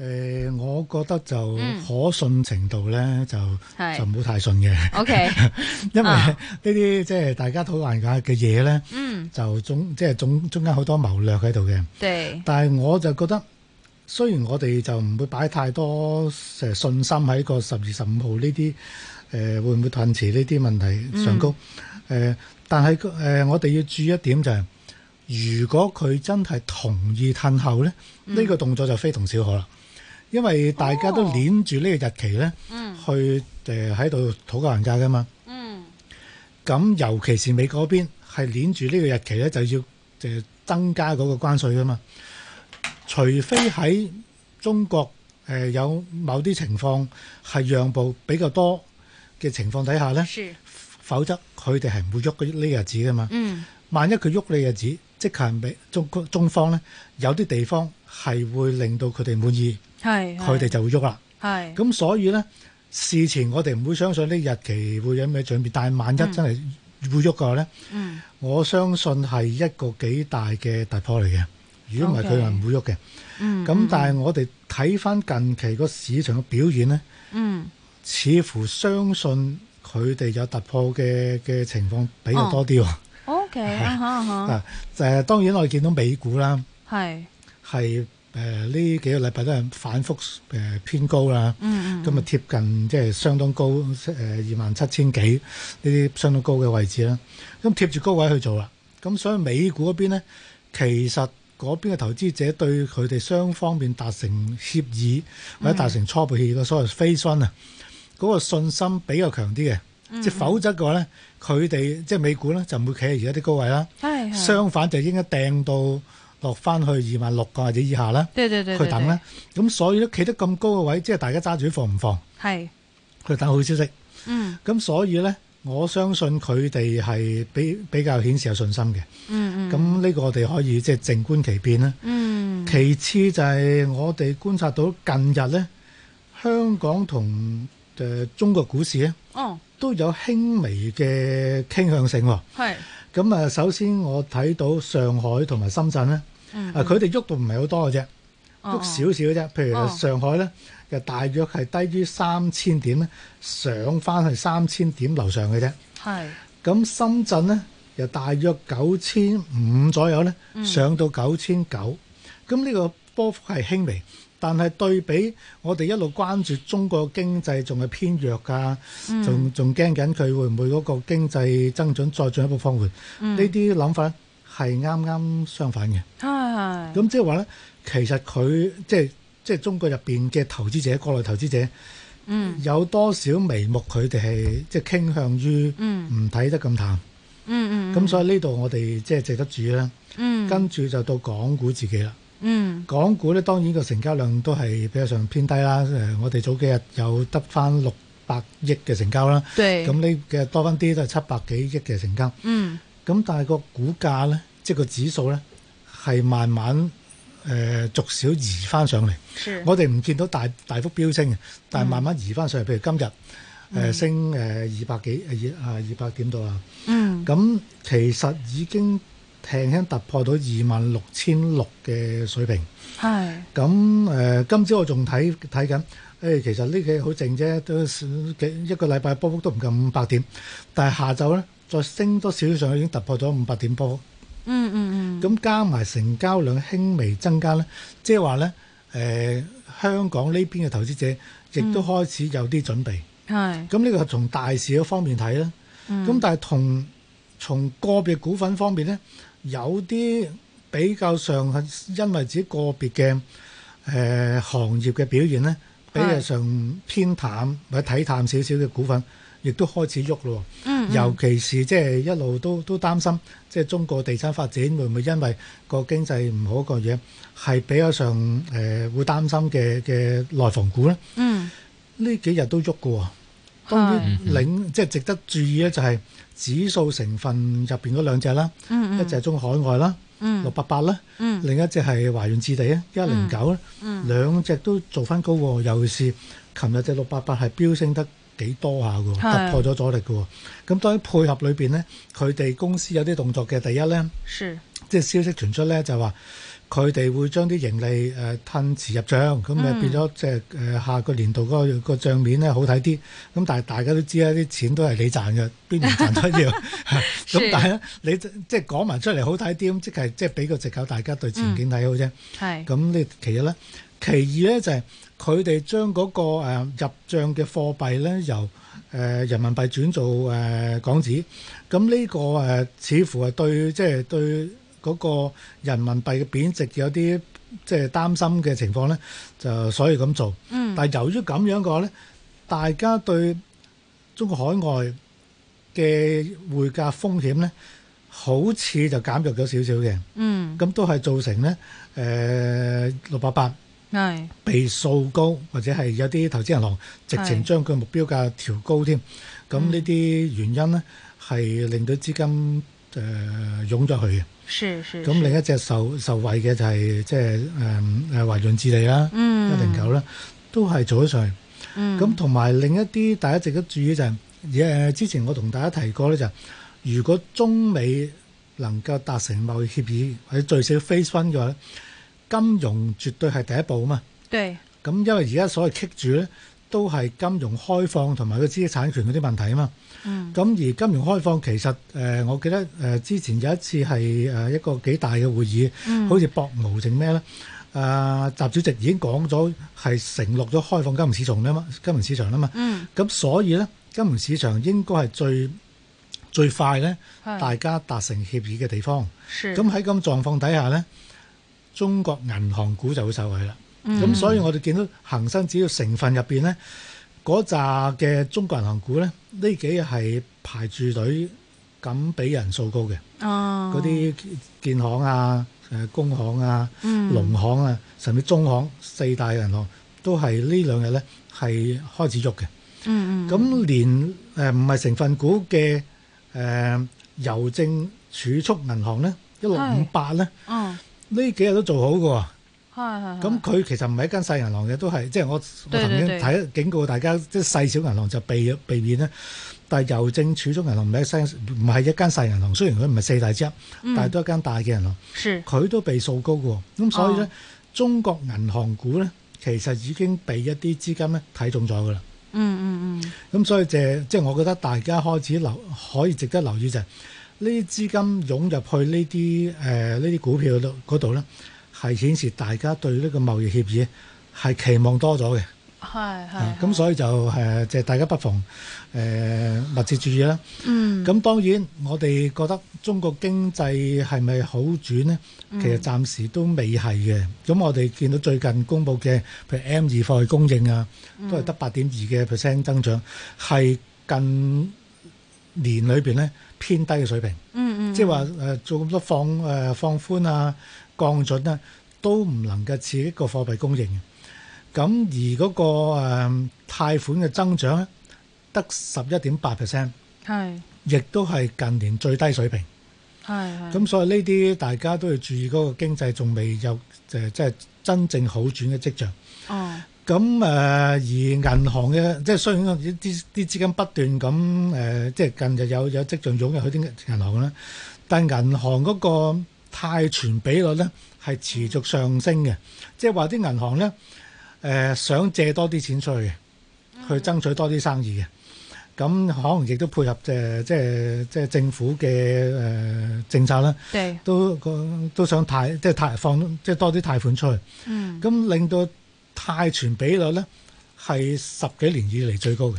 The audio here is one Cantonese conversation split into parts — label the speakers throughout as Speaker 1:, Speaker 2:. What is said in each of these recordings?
Speaker 1: 誒、呃，我覺得就可信程度咧、嗯，就就唔好太信嘅。O K，因為呢啲即係大家好難解嘅嘢咧，就總即係總中間好多謀略喺度嘅。對，但係我就覺得，雖然我哋就唔會擺太多信心喺個十月十五號呢啲誒會唔會褪遲呢啲問題上高，誒、嗯呃，但係、呃、我哋要注意一點就係、是，如果佢真係同意褪後咧，呢、這個動作就非同小可啦。嗯因為大家都攆住呢個日期咧，哦嗯、去誒喺度討價還價㗎嘛。咁、嗯、尤其是美國嗰邊係攆住呢個日期咧，就要誒、呃、增加嗰個關稅㗎嘛。除非喺中國誒、呃、有某啲情況係讓步比較多嘅情況底下咧，是否則佢哋係唔會喐呢個日子㗎嘛。嗯、萬一佢喐呢日子，即係畀中中方咧有啲地方係會令到佢哋滿意。係，佢哋就會喐啦。係，咁所以咧，事前我哋唔會相信呢日期會有咩準備，但係萬一真係會喐嘅話咧，我相信係一個幾大嘅突破嚟嘅。
Speaker 2: 如果唔係，佢係唔
Speaker 1: 會喐嘅。嗯，咁但係我哋睇翻近期個市場嘅表現咧，嗯，似乎相信佢哋有突破嘅嘅情況比較多啲喎。
Speaker 2: O K 啊，嚇
Speaker 1: 嚇。誒，當然我哋見到美股啦，係係。誒呢、呃、幾個禮拜都係反覆、呃、偏高啦，咁啊貼近即係相當高，二萬七千幾呢啲相當高嘅位置啦，咁貼住高位去做啦，咁所以美股嗰邊咧，其實嗰邊嘅投資者對佢哋雙方面達成協議、嗯、或者達成初步協議嘅、嗯、所謂 phase one 啊，嗰個信心比較強啲嘅。即否則嘅話咧，佢哋即係美股咧就唔會企喺而家啲高位啦，是
Speaker 2: 是相
Speaker 1: 反就應該掟到。落翻去二萬六個或者以下啦，對
Speaker 2: 對對對對去等啦。
Speaker 1: 咁所以咧企得咁高嘅位，即係大家揸住放唔放？係去是等好消息。嗯。咁所以咧，我相信佢哋係比比較顯示有信心嘅。嗯嗯。咁呢個我哋可以即係靜觀其變啦。嗯。其次就係我哋觀察到近日咧，香港同誒、呃、中國股市咧，哦，都有輕微嘅傾向性喎、哦。咁啊是，首先我睇到上海同埋深圳咧。啊！佢哋喐到唔係好多嘅啫，喐少少嘅啫。哦、譬如上海咧，就大約係低於三千點咧，上返去三千點樓上嘅啫。係。咁深圳咧，又大約九千五左右，咧，上到九千九。咁呢個波幅係輕微，但係對比我哋一路關注中國經濟仲係偏弱噶、啊，仲仲驚緊佢會唔會嗰個經濟增長再進一步放緩？嗯、這些想呢啲諗法。係啱啱相反嘅。
Speaker 2: 係咁，
Speaker 1: 即係話咧，其實佢即係即係中國入邊嘅投資者，國內投資者，嗯，有多少眉目是？佢哋係即係傾向於，嗯不嗯，嗯，唔睇得咁淡，嗯嗯，咁所以呢度我哋即係值得注意啦，嗯，跟住就到港股自己啦，嗯，港股咧當然個成交量都係比較上偏低啦，誒、嗯呃，我哋早幾日有得翻六百億嘅成交啦，對，咁呢嘅多翻啲都係七百幾億嘅成交，嗯，咁但係個股價咧。即係個指數咧，係慢慢誒、呃、逐少移翻上嚟。是我哋唔見到大大幅飆升嘅，但係慢慢移翻上嚟。嗯、譬如今日誒、呃、升誒二百幾二啊二百點到啊。呃呃、嗯，咁其實已經輕輕突破到二萬六千六嘅水平。係咁誒，今朝我仲睇睇緊誒，其實呢幾好靜啫，都幾一個禮拜波幅都唔夠五百點。但係下晝咧再升多少少上去，已經突破咗五百點波。嗯嗯嗯，咁、嗯嗯、加埋成交量輕微增加咧，即係話咧，誒、呃、香港呢邊嘅投資者亦都開始有啲準備。係、嗯，咁呢個係從大市嘅方面睇咧，咁、嗯、但係同從，從個別股份方面咧，有啲比較上係因為自己個別嘅誒、呃、行業嘅表現咧，比較上偏淡或者睇淡少少嘅股份。亦都開始喐咯，尤其是即係一路都都擔心，即係中國地產發展會唔會因為個經濟唔好個嘢，係比較上誒會擔心嘅嘅內房股咧。嗯，呢幾日都喐嘅。當然領即係是、嗯、哼值得注意咧，就係指數成分入邊嗰兩隻啦，嗯嗯一隻係中海外啦，六八八啦，另一隻係華潤置地啊，一零九啦，嗯、兩隻都做翻高喎，尤其是琴日隻六八八係飆升得，幾多下嘅是突破咗阻力嘅，咁當然配合裏邊咧，佢哋公司有啲動作嘅。第一咧，是即係消息傳出咧，就話佢哋會將啲盈利誒、呃、吞遲入帳，咁咪變咗、嗯、即係誒、呃、下個年度嗰個個帳面咧好睇啲。咁但係大家都知咧，啲錢都係你賺嘅，邊年賺多啲？咁但係咧，你即係講埋出嚟好睇啲，咁即係即係俾個藉口，大家對前景睇好啫。係咁、嗯，你其實咧。其二咧，就係佢哋將嗰個誒入帳嘅貨幣咧由誒人民幣轉做誒港紙，咁呢個誒似乎係對即係對嗰個人民幣嘅貶值有啲即係擔心嘅情況咧，就所以咁做。嗯。但係由於咁樣嘅話咧，大家對中國海外嘅匯價風險咧，好似就減弱咗少少嘅。嗯。咁都係造成咧誒六八八。係 Yes. 被掃高，或者係有啲投資銀行直情將佢目標價調高添。咁呢啲原因咧，係、嗯、令到資金誒、呃、湧咗去嘅。咁是另一隻受受惠嘅就係即係誒誒華潤置地啦、一零九啦，都係做咗上去。咁同埋另一啲大家值得注意就係、是，而之前我同大家提過咧、就是，就係如果中美能夠達成貿易協議，或者最少飛身嘅話。金融絕對係第一步嘛，咁對因為而家所謂棘住咧，都係金融開放同埋個知識產權嗰啲問題啊嘛。咁、嗯、而金融開放其實、呃、我記得之前有一次係一個幾大嘅會議，嗯、好似博鰲定咩咧？誒、呃，習主席已經講咗係承諾咗開放金融市場啦嘛，金融市場啦嘛。咁、嗯、所以咧，金融市場應該係最最快咧，是大家達成協議嘅地方。咁喺咁狀況底下咧。中國銀行股就會受惠啦，咁、嗯、所以我哋見到恒生只要成分入邊咧，嗰扎嘅中國銀行股咧，呢幾日係排住隊咁俾人數高嘅。嗰啲、哦、建行啊、誒工行啊、嗯、農行啊，甚至中行四大銀行都係呢兩日咧係開始喐嘅。咁、嗯嗯、連誒唔係成分股嘅誒郵政儲蓄銀行咧，一六五八咧。呢幾日都做好嘅喎，
Speaker 2: 咁佢其
Speaker 1: 實唔係一間細銀行嘅，都係即係我曾經睇警告大家，即係細小銀行就避避免咧。但係郵政儲蓄銀行唔係一間唔係一間細銀行，雖然佢唔係四大之一，嗯、但係都一間大嘅銀行。佢是都被掃高嘅喎，咁所以咧，哦、中國銀行股咧其實已經被一啲資金咧睇中咗嘅啦。嗯嗯嗯，咁、嗯、所以即係即係我覺得大家開始留可以值得留意就係、是。呢啲資金湧入去呢啲誒呢啲股票度嗰度咧，係顯示大家對呢個貿易協議係期望多咗嘅。係係。
Speaker 2: 咁
Speaker 1: 所以就誒，即係大家不妨誒密切注意啦。嗯。咁當然我哋覺得中國經濟係咪好轉咧？其實暫時都未係嘅。咁我哋見到最近公佈嘅，譬如 M 二貨幣供應啊，都係得八點二嘅 percent 增長，係近年裏邊咧，偏低嘅水平，嗯嗯，即係話誒做咁多放誒放寬啊降準咧、啊，都唔能夠刺激個貨幣供應嘅。咁而嗰、嗰個誒、呃、貸款嘅增長咧，得十一點八 percent，係，亦都係近年最低水平，係係。咁所以呢啲大家都要注意，嗰個經濟仲未有誒即係真正好轉嘅跡象。哦。咁誒、呃，而銀行嘅即係雖然啲啲資金不斷咁誒，即、呃、係近日有有跡象湧入去啲銀行啦。但係銀行嗰個貸存比率咧係持續上升嘅，即係話啲銀行咧誒、呃、想借多啲錢出去，去爭取多啲生意嘅。咁、嗯、可能亦都配合即係即係即係政府嘅誒、呃、政策啦，對都都想貸即係、就是、貸放即係、就是、多啲貸款出去。嗯，咁令到，貸存比率咧係十幾年以嚟最高嘅。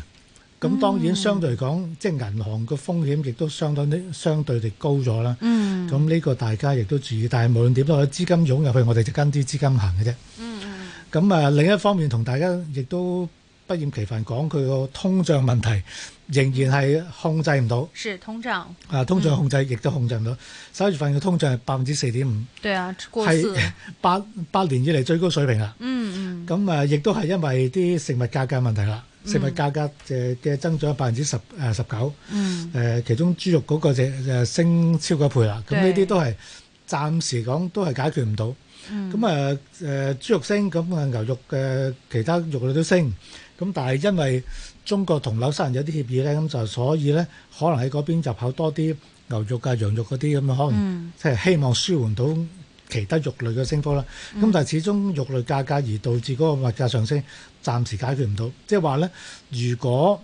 Speaker 1: 咁當然相對嚟講，嗯、即係銀行個風險亦都相當啲，相對地高咗啦。咁呢、嗯、個大家亦都注意，但係無論點都，我資金湧入去，我哋就跟啲資金行嘅啫。咁、嗯、啊，另一方面同大家亦都，不厭其煩講佢個通脹問題，仍然係控制唔到。
Speaker 2: 是通脹啊，通脹控
Speaker 1: 制亦都、嗯、控制唔到。十一月份嘅通脹係百分之四點五，
Speaker 2: 對啊，係八八
Speaker 1: 年以嚟最高水平啦、嗯。嗯嗯，咁啊、呃，亦都係因為啲食物價格問題啦。嗯、食物價格嘅嘅增長百分之十十九。嗯、呃，其中豬肉嗰個就、呃、升超過一倍啦。咁呢啲都係暫時講都係解決唔到。咁啊豬肉升，咁、呃、啊牛肉嘅、呃、其他肉類都升。咁但係因為中國同紐西蘭有啲協議咧，咁就所以咧，可能喺嗰邊入口多啲牛肉啊、羊肉嗰啲咁啊，可能即係希望舒緩到其他肉類嘅升幅啦。咁但係始終肉類價格而導致嗰個物價上升，暫時解決唔到。即係話咧，如果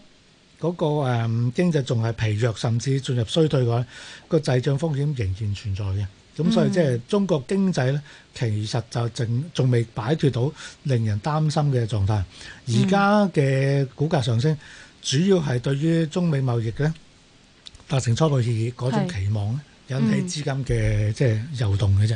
Speaker 1: 嗰個誒經濟仲係疲弱，甚至進入衰退嘅話，個滯脹風險仍然存在嘅。咁所以即係中國經濟咧，其實就淨仲未擺脫到令人擔心嘅狀態。而家嘅股價上升，主要係對於中美貿易咧達成初步協議嗰種期望咧，引起資金嘅即係游動嘅啫。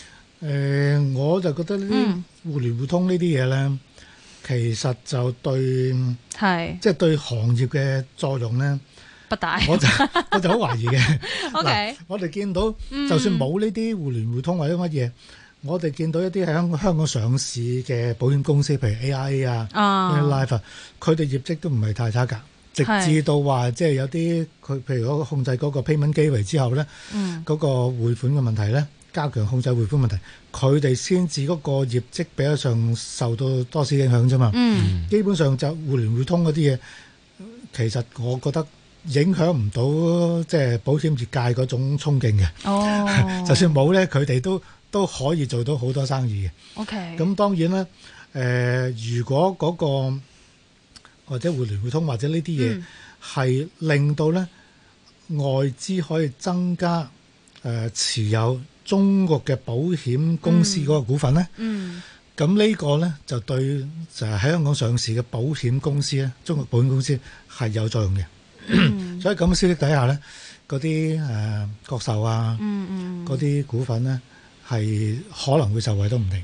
Speaker 1: 誒、呃，我就覺得呢啲互聯互通呢啲嘢咧，嗯、其實就對，是即係對行業嘅作用咧不大。我就 我就好懷疑嘅。嗱 Okay,，我哋見到就算冇呢啲互聯互通或者乜嘢，嗯、我哋見到一啲喺香香港上市嘅保險公司，譬如 AIA 啊、Life 啊，佢哋業績都唔係太差噶。是直至到話即係有啲佢譬如嗰個控制嗰個 payment 機維之後咧，嗰、嗯、個匯款嘅問題咧。加強控制匯款問題，佢哋先至嗰個業績比較上受到多少影響啫嘛。嗯，基本上就互聯互通嗰啲嘢，其實我覺得影響唔到即係保險業界嗰種衝勁嘅。哦， 就算冇咧，佢哋都都可以做到好多生意嘅。O Okay K。咁當然啦，誒、呃，如果嗰、那個或者互聯互通或者呢啲嘢係令到咧外資可以增加誒、呃、持有。中國嘅保險公司嗰個股份咧，咁呢個咧就對就係喺香港上市嘅保險公司咧，中國保險公司係有作用嘅。所以咁嘅消息底下咧，嗰啲誒、國壽啊，嗰啲股份咧係可能會受惠都唔定。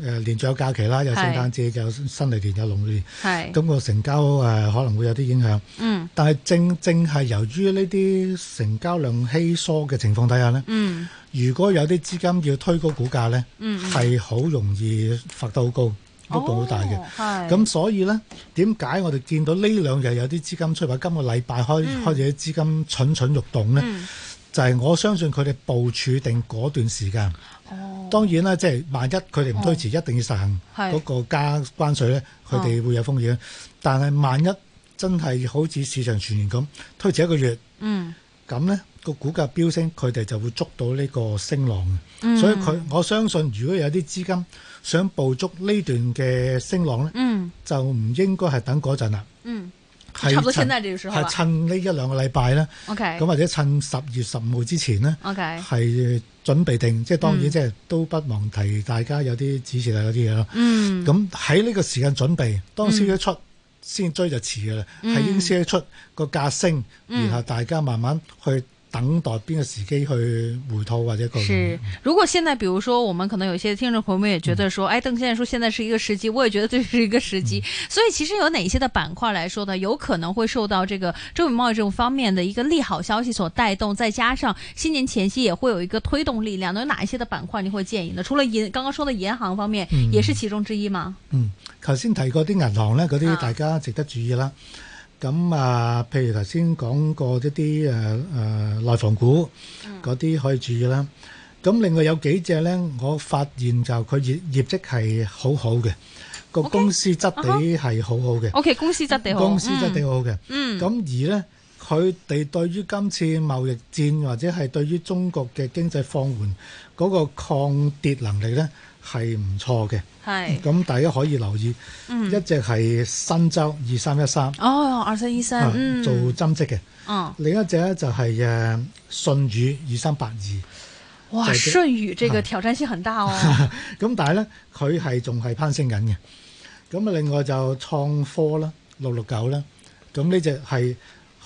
Speaker 1: 誒、呃、連續有假期啦，有聖誕節，是有新嚟年有農曆年，係咁是個成交誒、呃、可能會有啲影響。嗯，但係正正係由於呢啲成交量稀疏嘅情況底下咧，嗯，如果有啲資金要推高股價咧，嗯，嗯，係好容易發得好高，幅度好大嘅。係、哦，咁所以咧，點解我哋見到呢兩日有啲資金出發，今個禮拜開開始啲資金蠢蠢欲動咧？嗯嗯就係我相信佢哋部署定嗰段時間，哦、當然啦，即、就、係、是、萬一佢哋唔推遲，嗯、一定要實行嗰個加關稅咧，佢哋是會有風險。嗯、但係萬一真係好似市場傳言咁推遲一個月，咁、嗯、呢個股價飆升，佢哋就會捉到呢個升浪。嗯、所以佢我相信，如果有啲資金想捕捉呢段嘅升浪咧，嗯、就唔應該係等嗰陣啦。嗯係趁呢、啊、一兩個禮拜咧，咁 Okay, 或者趁十月十五號之前咧，係 Okay, 準備定。即係、嗯、當然，即係都不忘提大家有啲指示啊，有啲嘢咯。咁喺呢個時間準備，當消息一出、嗯、先追就遲嘅啦。係、嗯、消息一出個價升，嗯、然後大家慢慢去。等待邊個時機去回頭或者嗰？是
Speaker 2: 如果現在，比如說，我們可能有些聽眾朋友也覺得說，哎、嗯，鄧先生說現在是一個時機，我也覺得這是一個時機。嗯、所以其實有哪些的板塊來說呢，有可能會受到這個中美貿易這種方面的一個利好消息所帶動，再加上新年前夕也會有一個推動力量。有哪一些的板塊，你會建議呢？除了銀，剛剛說的銀行方面，嗯、也是其中之一嗎？嗯，
Speaker 1: 頭先提過啲銀行呢，嗰啲大家值得注意啦。嗯咁啊，譬如頭先講過一啲誒誒內房股嗰啲可以注意啦。咁另外有幾隻咧，我發現就佢業業績係好好嘅，個公司質地係好好嘅。O.K.
Speaker 2: 公司質地好。公司質地好
Speaker 1: 好嘅。嗯。咁而咧。佢哋對於今次貿易戰或者係對於中國嘅經濟放緩嗰、那個抗跌能力咧係唔錯嘅。係是，咁大家可以留意、
Speaker 2: 嗯、一隻
Speaker 1: 係新洲二三一
Speaker 2: 三。13，哦，二三一三，嗯、做針織嘅。哦、
Speaker 1: 嗯，另一隻咧就係、是、誒、啊、順宇二三八二。
Speaker 2: 哇，順宇、這個、這個挑戰性很大哦。
Speaker 1: 咁是 但係咧，佢係仲係攀升緊嘅。咁啊，另外就創科啦，六六九啦。咁呢隻係。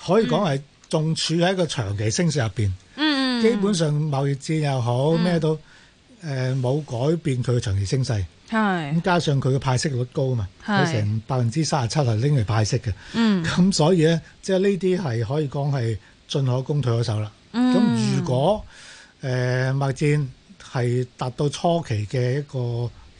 Speaker 1: 可以講係仲處喺一個長期升勢入邊，嗯、基本上貿易戰又好咩、嗯、都誒冇、呃、改變佢嘅長期升勢，係咁是加上佢嘅派息率高嘛，佢成是百分之三十七係拎嚟派息嘅，嗯咁所以咧即係呢啲係、就是、可以講係進可攻退可守啦。
Speaker 2: 咁、嗯、如
Speaker 1: 果誒、呃、貿易戰係達到初期嘅一個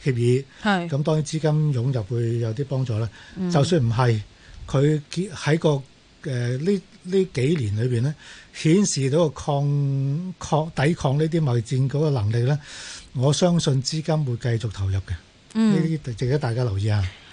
Speaker 1: 協議，係咁是當然資金湧入會有啲幫助啦。嗯、就算唔係佢喺個。誒呢呢幾年裏邊咧，顯示到個抗抗抵抗呢啲貿易戰嗰個能力咧，我相信資金會繼續投入嘅。嗯，呢啲值得大家留意啊！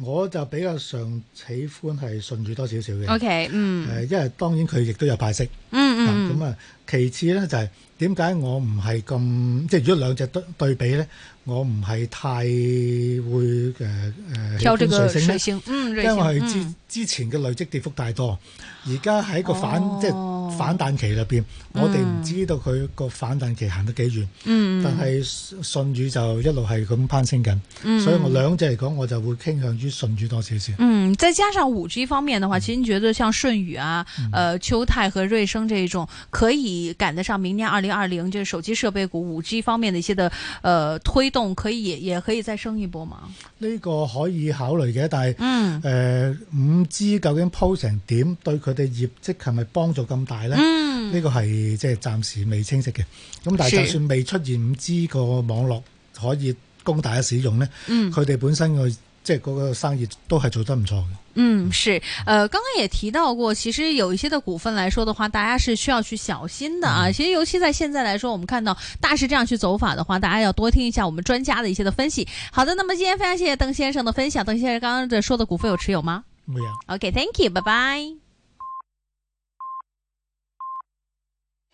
Speaker 1: 我就比較常喜歡係順住多少少嘅，OK，
Speaker 2: 嗯，
Speaker 1: 因為當然佢亦都有派息，嗯嗯，咁、嗯、啊，其次咧就係點解我唔係咁，即、即係、如果兩隻對比咧，我唔係太會誒誒喜歡水星，水星、嗯星嗯、因為之之前嘅累積跌幅太多，而家喺個反即、哦反彈期裏面，嗯、我哋唔知道佢個反彈期行得幾遠，嗯、但係舜宇就一路係咁攀升緊，嗯、所以我兩隻嚟講，我就會傾向於舜宇多少少。嗯，
Speaker 2: 再加上五 G 方面嘅話，其實你覺得像舜宇啊、嗯、呃秋泰和瑞生這一種，可以趕得上明年二零二零，就是手機設備股五 G 方面的一些的，呃推動可以也可以再升一波嘛。
Speaker 1: 呢個可以考慮嘅，但係誒五 G 究竟鋪成點，對佢哋業績係咪幫助咁大？嗯，呢個係即係暫時未清晰嘅。咁但係就算未出現 5G 個網絡可以供大家使用咧，佢哋，嗯、本身嘅即係個生意都係做得唔錯嘅。嗯，
Speaker 2: 是。誒、呃，剛剛也提到過，其實有一些的股份來說的話，大家是需要去小心的啊。嗯，其實尤其在現在來說，我們看到大市這樣去走法的話，大家要多聽一下我們專家的一些的分析。好的，那麼今天非常謝謝鄧先生的分享。鄧先生剛剛的說的股份有持有嗎？冇啊。OK，Thank、okay, you，拜拜。